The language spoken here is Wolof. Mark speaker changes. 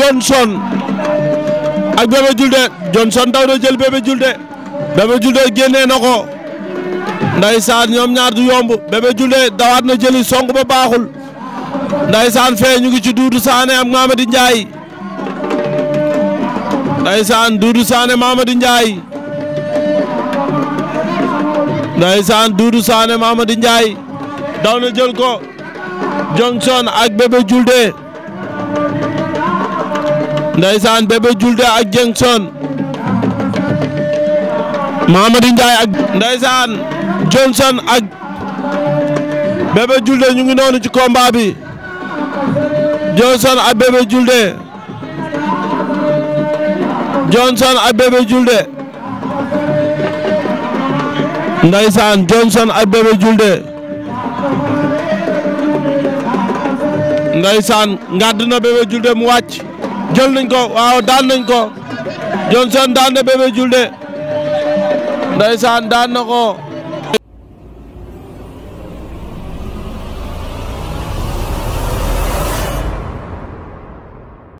Speaker 1: Johnson ak Bébé Diouldé Johnson daw na jël Bébé Diouldé Bébé Diouldé génnee ko ndaysaan ñoom ñaar du yomb Bébé Diouldé dawaat na jëli song ba baaxul ndaysaan fee ñu ngi ci Doudou Sané ak Mamadi daw na jël ko Johnson ak Bébé Diouldé Ndeysaan Bébé Diouldé ak Dieng Son Mamadou Ndiaye ak Ndeysaan Johnson ak Bébé Diouldé ñu ngi noonu ci combat bi Johnson ak Bébé Diouldé Johnson ak Bébé Diouldé Ndeysaan Johnson ak Bébé Diouldé Ndeysaan ngàdd na Bébé mu wàcc jël nañ ko waaw daan nañ ko Johnson daan na Bébé Diouldé ndeysaan daan na ko